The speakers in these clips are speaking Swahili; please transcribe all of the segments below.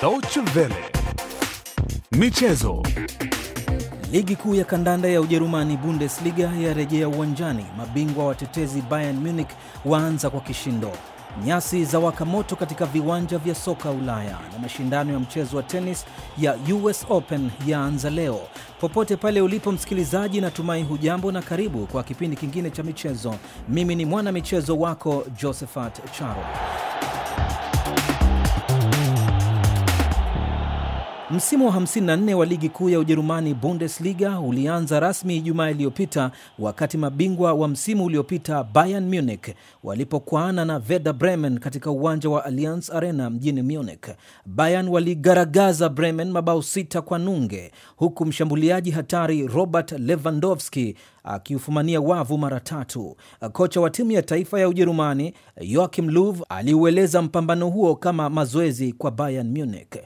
Deutsche Welle. Michezo. Ligi kuu ya kandanda ya Ujerumani Bundesliga yarejea uwanjani. Mabingwa watetezi Bayern Munich waanza kwa kishindo. Nyasi za waka moto katika viwanja vya soka Ulaya na mashindano ya mchezo wa tenis ya US Open yaanza leo. Popote pale ulipo msikilizaji, natumai hujambo na karibu kwa kipindi kingine cha michezo. Mimi ni mwana michezo wako Josephat Charo. Msimu wa 54 wa ligi kuu ya Ujerumani Bundesliga ulianza rasmi Ijumaa iliyopita wakati mabingwa wa msimu uliopita Bayern Munich walipokwaana na Werder Bremen katika uwanja wa Allianz Arena mjini Munich. Bayern waligaragaza Bremen mabao sita kwa nunge, huku mshambuliaji hatari Robert Lewandowski akiufumania wavu mara tatu. Kocha wa timu ya taifa ya Ujerumani Joachim Löw aliueleza mpambano huo kama mazoezi kwa Bayern Munich.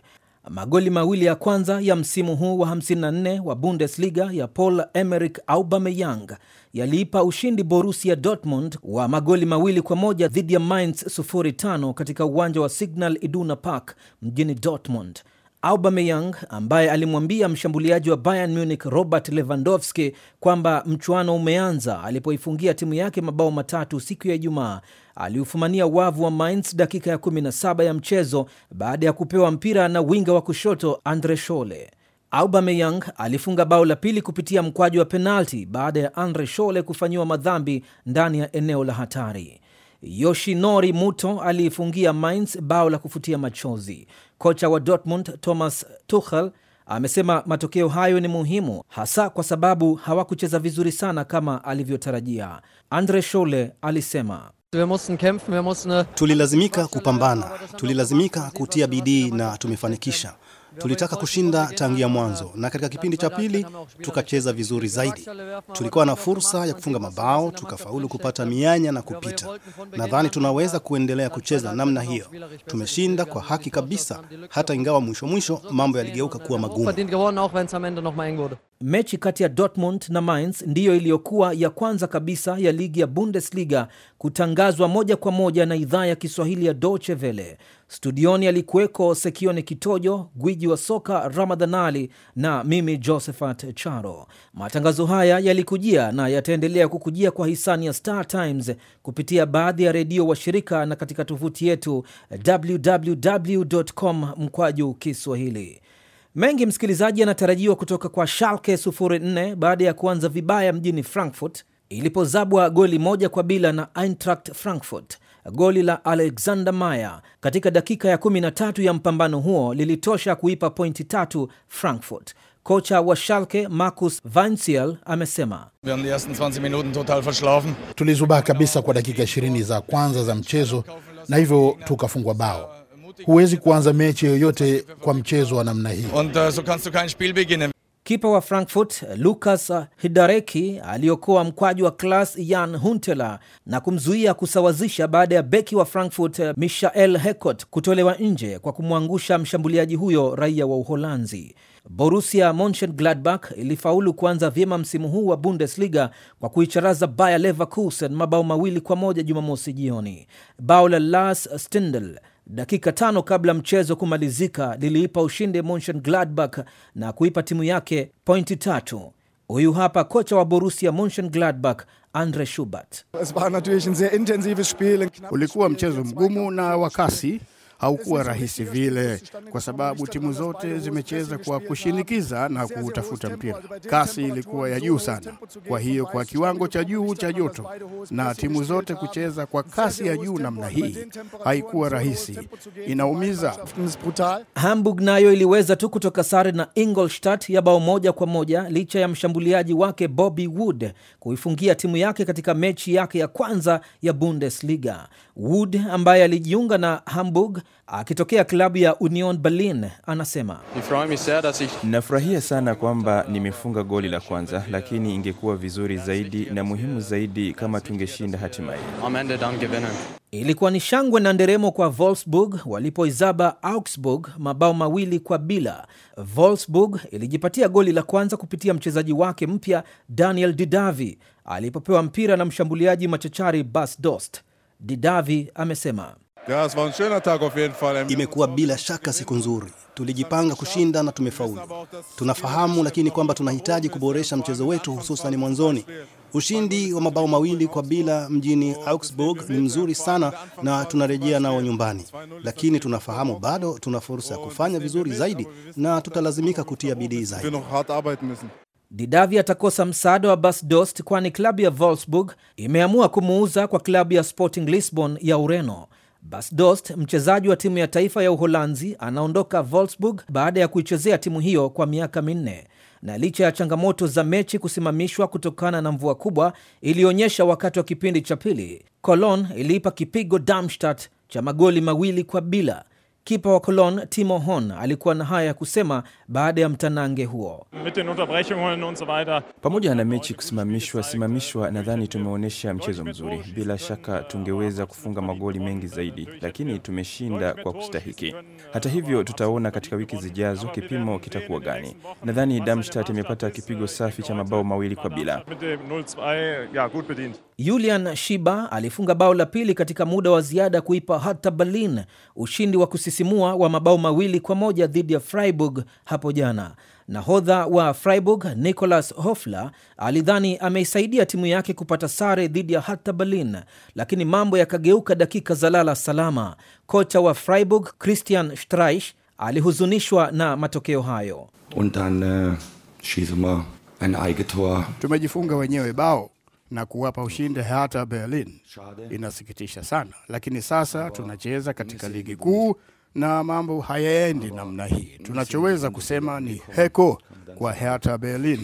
Magoli mawili ya kwanza ya msimu huu wa 54 wa Bundesliga ya Paul Emerick Aubameyang yaliipa ushindi borusia Dortmund wa magoli mawili kwa moja dhidi ya Mainz 05 katika uwanja wa Signal Iduna Park mjini Dortmund aubameyoung ambaye alimwambia mshambuliaji wa Bayern Munich Robert Lewandowski kwamba mchuano umeanza alipoifungia timu yake mabao matatu siku ya Ijumaa aliufumania wavu wa Mainz dakika ya 17 ya mchezo baada ya kupewa mpira na winga wa kushoto Andre Schole. aubameyoung alifunga bao la pili kupitia mkwaji wa penalti baada ya Andre shole kufanyiwa madhambi ndani ya eneo la hatari. Yoshinori Muto aliifungia Mainz bao la kufutia machozi. Kocha wa Dortmund Thomas Tuchel amesema matokeo hayo ni muhimu hasa kwa sababu hawakucheza vizuri sana kama alivyotarajia. Andre Schole alisema tulilazimika kupambana, tulilazimika kutia bidii na tumefanikisha. Tulitaka kushinda tangia mwanzo, na katika kipindi cha pili tukacheza vizuri zaidi. Tulikuwa na fursa ya kufunga mabao, tukafaulu kupata mianya na kupita. Nadhani tunaweza kuendelea kucheza namna hiyo. Tumeshinda kwa haki kabisa, hata ingawa mwisho mwisho mambo yaligeuka kuwa magumu mechi kati ya Dortmund na Mainz ndiyo iliyokuwa ya kwanza kabisa ya ligi ya Bundesliga kutangazwa moja kwa moja na idhaa ya Kiswahili ya Deutsche Welle. Studioni alikuweko Sekione Kitojo, gwiji wa soka Ramadhan Ali na mimi Josephat Charo. Matangazo haya yalikujia na yataendelea kukujia kwa hisani ya Star Times kupitia baadhi ya redio washirika na katika tovuti yetu www.com mkwaju Kiswahili. Mengi msikilizaji yanatarajiwa kutoka kwa Schalke 04 baada ya kuanza vibaya mjini Frankfurt ilipozabwa goli moja kwa bila na Eintracht Frankfurt. Goli la Alexander Meyer katika dakika ya 13 ya mpambano huo lilitosha kuipa pointi tatu Frankfurt. Kocha wa Schalke Marcus Weinziel amesema tulizubaa kabisa kwa dakika 20 za kwanza za mchezo na hivyo tukafungwa bao huwezi kuanza mechi yoyote kwa mchezo wa namna hii. Äh, Kipa wa Frankfurt Lucas Hidareki aliokoa mkwaju wa Klas Jan Huntela na kumzuia kusawazisha baada ya beki wa Frankfurt Michael Hecot kutolewa nje kwa kumwangusha mshambuliaji huyo raia wa Uholanzi. Borussia Monchengladbach ilifaulu kuanza vyema msimu huu wa Bundesliga kwa kuicharaza Bayer Leverkusen mabao mawili kwa moja Jumamosi jioni. Bao la Lars Stindl Dakika tano kabla mchezo kumalizika, liliipa ushindi Gladbach na kuipa timu yake pointi tatu. Huyu hapa kocha wa Borusia Gladbach Andre Schubert. Ulikuwa mchezo mgumu na wakasi haukuwa rahisi vile, kwa sababu timu zote zimecheza kwa kushinikiza na kuutafuta mpira. Kasi ilikuwa ya juu sana, kwa hiyo kwa kiwango cha juu cha joto na timu zote kucheza kwa kasi ya juu namna hii haikuwa rahisi, inaumiza. Hamburg nayo iliweza tu kutoka sare na Ingolstadt ya bao moja kwa moja licha ya mshambuliaji wake Bobby Wood kuifungia timu yake katika mechi yake ya kwanza ya Bundesliga. Wood ambaye alijiunga na Hamburg Akitokea klabu ya Union Berlin anasema nafurahia sana kwamba nimefunga goli la kwanza, lakini ingekuwa vizuri zaidi na muhimu zaidi kama tungeshinda hatimaye. Ilikuwa ni shangwe na nderemo kwa Wolfsburg walipoizaba Augsburg mabao mawili kwa bila. Wolfsburg ilijipatia goli la kwanza kupitia mchezaji wake mpya Daniel Didavi alipopewa mpira na mshambuliaji machachari Bas Dost. Didavi amesema Imekuwa bila shaka siku nzuri. Tulijipanga kushinda na tumefaulu. Tunafahamu lakini kwamba tunahitaji kuboresha mchezo wetu hususan mwanzoni. Ushindi wa mabao mawili kwa bila mjini Augsburg ni mzuri sana na tunarejea nao nyumbani, lakini tunafahamu bado tuna fursa ya kufanya vizuri zaidi na tutalazimika kutia bidii zaidi. Didavi atakosa msaada wa Bas Dost kwani klabu ya Wolfsburg imeamua kumuuza kwa klabu ya Sporting Lisbon ya Ureno. Bas Dost, mchezaji wa timu ya taifa ya Uholanzi, anaondoka Wolfsburg baada ya kuichezea timu hiyo kwa miaka minne na licha ya changamoto za mechi kusimamishwa kutokana na mvua kubwa iliyoonyesha wakati wa kipindi cha pili, Cologne iliipa kipigo Darmstadt cha magoli mawili kwa bila Kipa wa Cologne Timo Horn alikuwa na haya ya kusema baada ya mtanange huo. Pamoja na mechi kusimamishwa simamishwa, nadhani tumeonyesha mchezo mzuri. Bila shaka tungeweza kufunga magoli mengi zaidi, lakini tumeshinda kwa kustahiki. Hata hivyo, tutaona katika wiki zijazo kipimo kitakuwa gani. Nadhani Darmstadt imepata kipigo safi cha mabao mawili kwa bila. Julian Shiba alifunga bao la pili katika muda wa ziada kuipa Hertha Berlin ushindi wa kusisimua wa mabao mawili kwa moja dhidi ya Freiburg hapo jana. Nahodha wa Freiburg Nicolas Hofler alidhani ameisaidia timu yake kupata sare dhidi ya Hertha Berlin, lakini mambo yakageuka dakika za lala salama. Kocha wa Freiburg Christian Streich alihuzunishwa na matokeo hayo. Und dann, uh, äh, schieße mal ein Eigentor. Tumejifunga wenyewe bao na kuwapa ushindi hata Berlin. Inasikitisha sana, lakini sasa tunacheza katika ligi kuu na mambo hayaendi namna hii. Tunachoweza kusema ni heko kwa Hertha Berlin.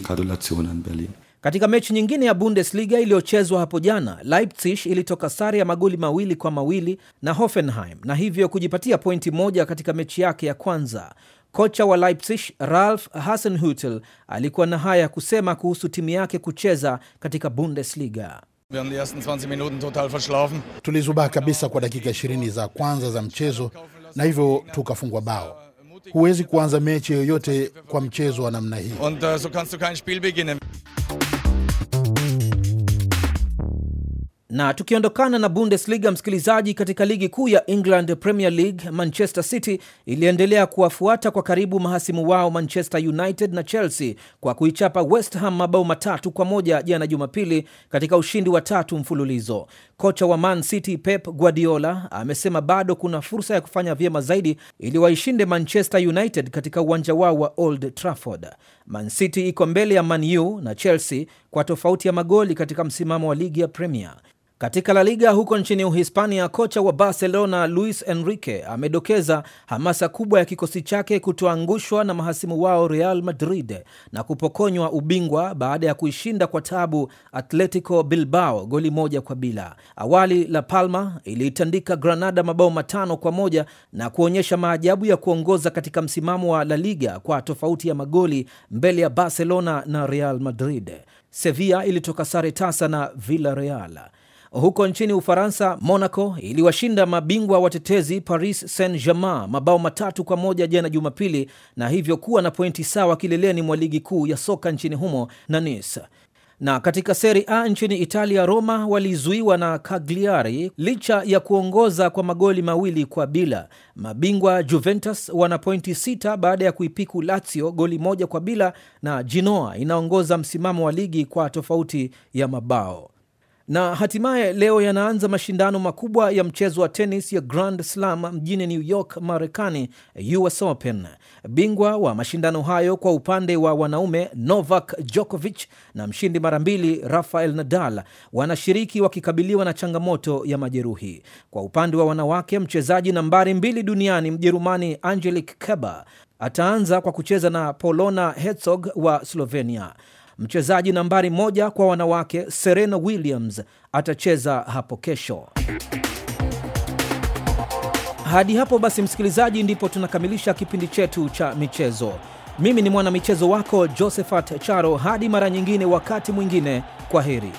Katika mechi nyingine ya Bundesliga iliyochezwa hapo jana, Leipzig ilitoka sare ya magoli mawili kwa mawili na Hoffenheim na hivyo kujipatia pointi moja katika mechi yake ya kwanza. Kocha wa Leipzig Ralf hasenhutel alikuwa na haya ya kusema kuhusu timu yake kucheza katika Bundesliga. Tulizubaa kabisa kwa dakika ishirini za kwanza za mchezo na hivyo tukafungwa bao. Huwezi kuanza mechi yoyote kwa mchezo wa namna hii. Äh, Na tukiondokana na Bundesliga, msikilizaji, katika ligi kuu ya England, Premier League, Manchester City iliendelea kuwafuata kwa karibu mahasimu wao Manchester United na Chelsea kwa kuichapa West Ham mabao matatu kwa moja jana Jumapili, katika ushindi wa tatu mfululizo. Kocha wa Man City Pep Guardiola amesema bado kuna fursa ya kufanya vyema zaidi ili waishinde Manchester United katika uwanja wao wa Old Trafford. Man City iko mbele ya Man U na Chelsea kwa tofauti ya magoli katika msimamo wa ligi ya Premier. Katika La Liga huko nchini Uhispania, kocha wa Barcelona Luis Enrique amedokeza hamasa kubwa ya kikosi chake kutoangushwa na mahasimu wao Real Madrid na kupokonywa ubingwa baada ya kuishinda kwa tabu Atletico Bilbao goli moja kwa bila. Awali La Palma iliitandika Granada mabao matano kwa moja na kuonyesha maajabu ya kuongoza katika msimamo wa La Liga kwa tofauti ya magoli mbele ya Barcelona na Real Madrid. Sevilla ilitoka sare tasa na Villarreal. Huko nchini Ufaransa, Monaco iliwashinda mabingwa watetezi Paris Saint Germain mabao matatu kwa moja jana Jumapili, na hivyo kuwa na pointi sawa kileleni mwa ligi kuu ya soka nchini humo na Nice. Na katika Serie A nchini Italia, Roma walizuiwa na Cagliari licha ya kuongoza kwa magoli mawili kwa bila. Mabingwa Juventus wana pointi sita baada ya kuipiku Lazio goli moja kwa bila, na Genoa inaongoza msimamo wa ligi kwa tofauti ya mabao. Na hatimaye leo yanaanza mashindano makubwa ya mchezo wa tenis ya Grand Slam mjini New York, Marekani, US Open. Bingwa wa mashindano hayo kwa upande wa wanaume Novak jokovich na mshindi mara mbili Rafael Nadal wanashiriki wakikabiliwa na changamoto ya majeruhi. Kwa upande wa wanawake, mchezaji nambari mbili duniani Mjerumani angelic keber ataanza kwa kucheza na Polona hetzog wa Slovenia. Mchezaji nambari moja kwa wanawake Serena Williams atacheza hapo kesho. Hadi hapo basi, msikilizaji, ndipo tunakamilisha kipindi chetu cha michezo. Mimi ni mwanamichezo wako Josephat Charo. Hadi mara nyingine, wakati mwingine, kwa heri.